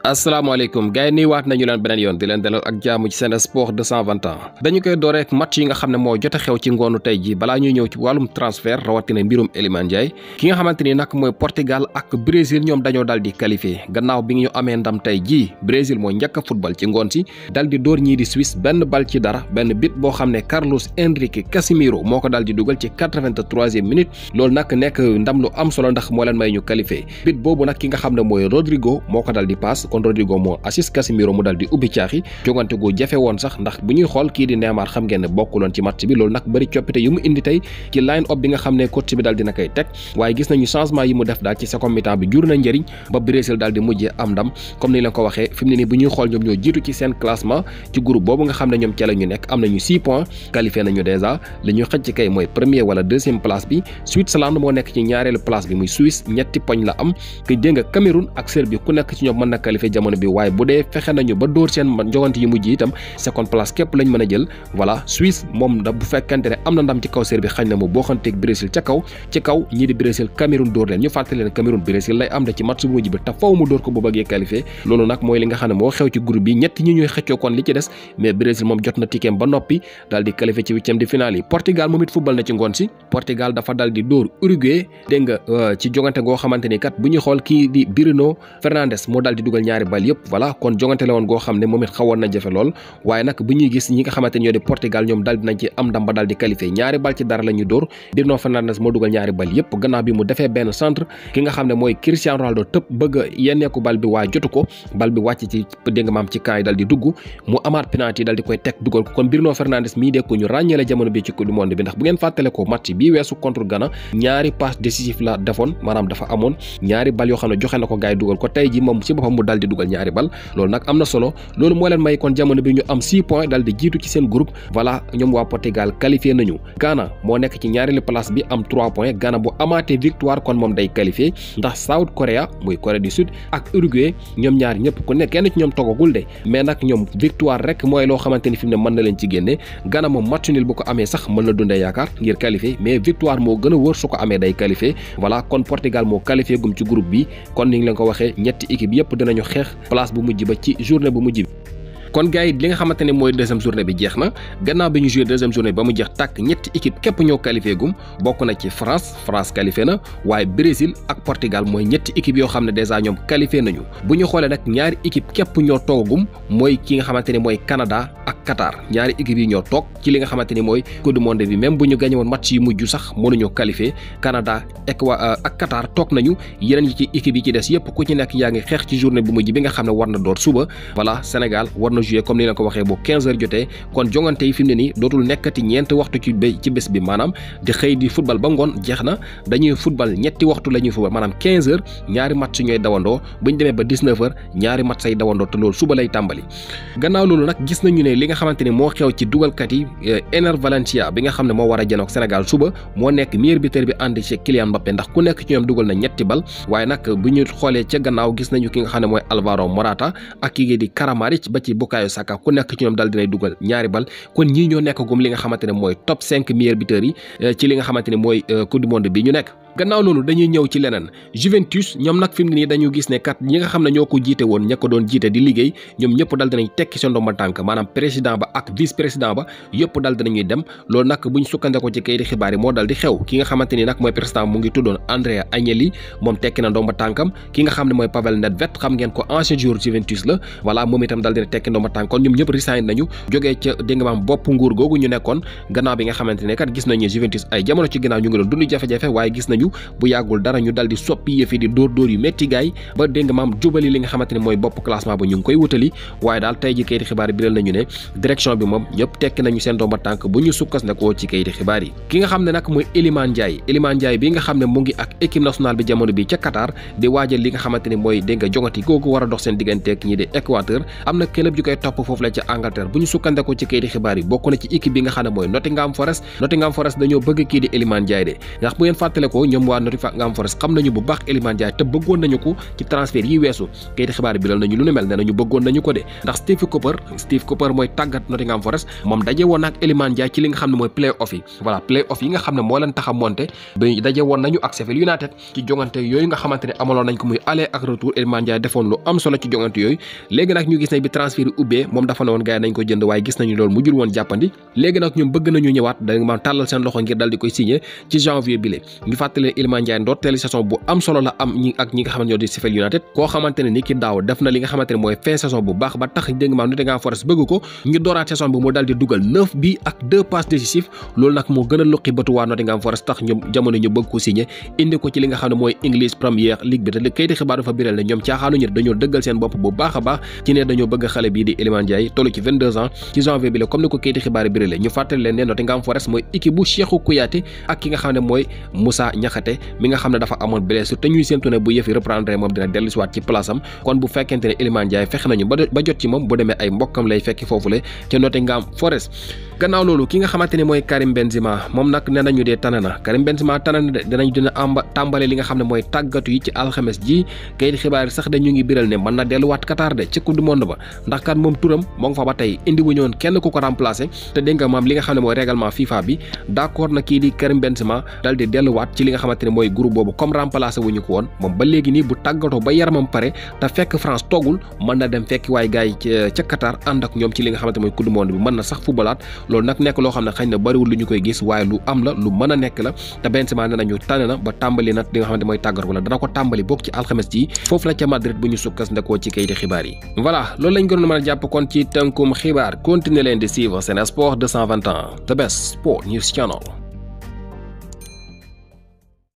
Assalamualaikum. gay ni wat nañu lan benen yon di len dalal ak jaamu ci sen sport ans dañu koy dore ak match yi nga xam mo jotta xew ci ngonu tay ji bala ñuy ñew ci walum transfert na mbirum eliman jay ki nga xamanteni nak moy Portugal ak Brésil ñom dañu daldi di gannaaw bi ñu amé ndam tay ji Brésil football ci ngon si dal di door di swiss ben bal ci dara ben bit bo Carlos Enrique Casimiro. moko daldi duggal ci 83e minute lool nak nek ndam lu am solo ndax mo len may ñu qualifier bit bobu nak ki nga moy Rodrigo moko daldi pass kon Rodrigo asis assist Casemiro mu di ubi caaxi jogante gu jefe won sax ndax bu ñuy ki di Neymar xam ngeen ne bokkuloon ci match bi loolu nak bëri coppite yu yum indi tay ki line up bi nga ne coach bi dal dina tek teg gis nañu changement yi mu def daal ci second mi bi jur na njëriñ ba Brésil daal di mujjee am ndam comme ni leen ko waxee fi mu ne nii bu ñuy xool ñoom ñoo jiitu ci seen classement ci groupe boobu nga xam ne ñoom la ñu am nañu 6 points qualifié nañu li kay premier wala deuxième place bi Switzerland moo nek ci ñaareelu place bi muy Suisse ñetti poñ la am que dégg nga Cameroun ak Serbie ku nekk ci qualifié qualifié waaye bu dee fexe nañu ba dóor seen jogante yu mujj itam seconde place képp lañ mën a jël voilà Suisse moom da bu fekkante ne am na ndam ci kaw Serbie xañ na mu booxanteeg Brésil ca kaw ñii di Brésil Cameroun dóor leen ñu fàttali leen Cameroun Brésil lay am da ci match bu mujj bi te dóor ko bu bëggee qualifié loolu nag mooy li nga xam ne moo xew ci groupe bi ñett ñi ñooy xëccoo li ci des mais Brésil moom jot na tikem ba noppi dal di dóor ñaari waaye jotu ko bal bi wàcc ci dégg ci camp dal di dugg mu amaat penalty dal di koy teg dugal ko kon Bruno Fernandes mii de ko ñu ràññeele jamono bi ci coupe du monde bi ndax bu ngeen fàttale ko match bii weesu contre Ghana ñaari passe décisif la defoon maanaam dafa amoon ñaari bal yoo xam ne joxe na ko gars dugal ko tey ji moom ci boppam mu dal daal di dugal ñaari bal loolu nag am na solo loolu moo leen may kon jamono bi ñu am 6 points daal di jiitu ci seen groupe voilà ñoom waa Portugal qualifié nañu Ghana moo nekk ci ñaareelu place bi am 3 points ndax South Korea muy Corée du Sud ak Uruguay ñoom ñaar ñëpp ku ne kenn ci ñoom togagul de mais nag ñoom victoire rek mooy loo xamante ni fi mu ne mën na leen ci génne Ghana moom match bu ko amee sax mën na dundee yaakaar ngir qualifié xeex place bu mujj ba ci journée bu mujj bi kon gars li nga xamante ne mooy deuxième journée bi jeex na gannaaw bi ñu joué deuxième journée bi ba mu jeex tàkk ñetti équipe képp ñoo qualifié gum bokk na ci France France qualifié na waaye Brésil ak Portugal mooy ñetti équipe yoo xam ne dèjà ñoom qualifié nañu bu ñu xoolee nag ñaari équipe képp ñoo toogagum mooy ki nga xamante ne mooy Canada ak Qatar ñaari équipe yi ñoo toog ci li nga xamante ni mooy coupe du monde bi même bu ñu gagné woon match yi mujj sax mënuñoo qualifié Canada euh, ak Qatar toog nañu yeneen yi ci équipe yi ci des yëpp ku ci nekk yaa ngi xeex ci journée bu mujj bi nga xam ne war na door suba voilà Sénégal na comme ni la ko waxee bu 15 jotee kon jongante yi fi ne nii dootul nekkati ñeenti waxtu ci béy bi maanaam di xëy di football ba ngoon jeex na dañuy football ñetti waxtu la ñuy maanaam 15 ñaari match su ñooy dawandoo bu demee ba 19 ñaari match say dawandoo te loolu suba lay tàmbali gannaaw loolu nag gis nañu ne li nga xamante ni moo xew ci dugalkat yi eh, Ener bi nga xam ne moo war a janoog Sénégal suba moo nekk meilleur buteur Bukayo Saka ku nekk ci ñoom dal dinay dugal ñaari bal kon ñii ñoo nekk gum li nga xamante ne mooy top 5 meilleurs buteurs yi eh, ci li nga xamante ne mooy eh, coupe du monde bi ñu nekk gannaaw loolu dañuy ñëw ci leneen Juventus ñoom nag fi mu dañu gis ne kat ñi nga xam ne ñoo ko jiite woon ña ko doon jiite di liggéey ñoom ñëpp dal dinañ tekki seen ndomba tànkam ki nga xam ne mooy Pavel Nedved xam ngeen ko ancien Juventus la voilà moom itam dal dina tekki ndomba tànkam ñoom ñëpp resign nañu jógee ca dégg bopp nguur googu ñu nekkoon gannaaw bi nga xamante kat gis nañu Juventus ay jamono ci gannaaw ñu ngi doon dund jafe faju bu yàggul dara ñu dal soppi yëfi di dóor dóor yu métti gaay ba dégg maam jubali li nga xamante ne mooy bopp classement ba ñu ngi koy wutali waaye daal tey ji kayiti xibaar biral nañu ne direction bi moom ñëpp tekki nañu seen domba tànk bu ñu sukkas ci kayiti xibaar yi ki nga xam ne nag mooy Elimane Ndiaye Elimane Ndiaye bi nga xam ne mu ngi ak équipe nationale bi jamono bi ca Qatar di waajal li nga xamante ne mooy dégg jongati googu war dox seen ñoom waa ngam Forest xam nañu bu baax Iliman Ndiaye te bëggoon nañu ko ci transfert yi weesu kayit xibaar bi nañu lu ne mel nañu bëggoon nañu ko de ndax Steve Cooper Steve Cooper tagat tàggat ngam Forest mom dajé won ak Iliman Ndiaye ci li nga xam ne play off yi voilà play off yi nga xam ne moo leen tax monté bi dajé won nañu ak Sheffield United ci jongante yoy nga xamanteni amalon nañ ko muy aller ak retour Iliman Ndiaye defon lu am solo ci jongante yoy légui nak ñu gis bi transfert yi mom dafa ne woon gars nañ ko jënd way gis nañu mu jur won jappandi légui nak ñoom bëgg nañu ñëwaat nga ma talal seen loxo ngir dal di koy signer ci janvier bi lé ñu fatte fàttali Iliman Ndiaye ndorteeli bu am solo la am ak ñi nga xamante ñoo di Sheffield United koo xamante ni ki daaw def na li nga xamante mooy fin saison bu baax ba tax dégg maam Nottingham mooy English dëggal seen bopp bu baax a baax ci ne dañoo bëgg xale bii di Iliman Ndiaye toll ci 22 ans ci janvier bi la comme ni ko kayiti xibaar birale ñu fàttali leen ne Nottingham Forest mooy équipe bu Cheikhou Kouyaté ak ki nga xam ne mooy Moussa jaxate mi nga xam ne dafa amoon blessure te ñuy séentu ne bu yëfi reprendre moom dina dellusiwaat ci place kon bu fekkente ne Iliman Ndiaye fexe nañu ba jot ci moom bu demee ay mbokkam lay fekki foofule ca Nottingham Forest gannaaw loolu ki nga xamante ni Karim Benzema moom nag nee nañu dee tane na Karim Benzema tane na dinañu dina amba tàmbale li nga xam ne mooy tàggatu yi ci alxames ji kayit xibaar sax ñu ngi biral ne mën na delluwaat Qatar de ci coupe du monde ba ndax kat moom turam moo ngi fa ba tey indi wu ñoon kenn ku ko remplacer te dégg nga maam li nga xam ne mooy règlement FIFA bi d' accord na kii di Karim Benzema dal di delluwaat ci li nga xamante ne mooy groupe boobu comme remplacer wuñu ko woon moom ba léegi nii bu tàggatoo ba yaramam pare te fekk France togul, mën na dem fekki waay gaay ci Qatar ànd ak ñoom ci li nga xamante mooy coupe du monde bi mën na sax loolu nag nekk loo xam ne xëy na bariwul lu ñu koy gis waaye lu am la lu mën a nekk la te benn siment ne nañu tànn ba tàmbali na li nga ne mooy tàggat wala dana ko tàmbali bokk ci alxames ji foofu la ca Madrid bu ñu sukkandikoo ci kayiti xibaar yi voilà loolu lañ gënoon mën a jàpp kon ci tënkum xibaar continuer leen di suivre Sen Sport 221 The Best Sport News Channel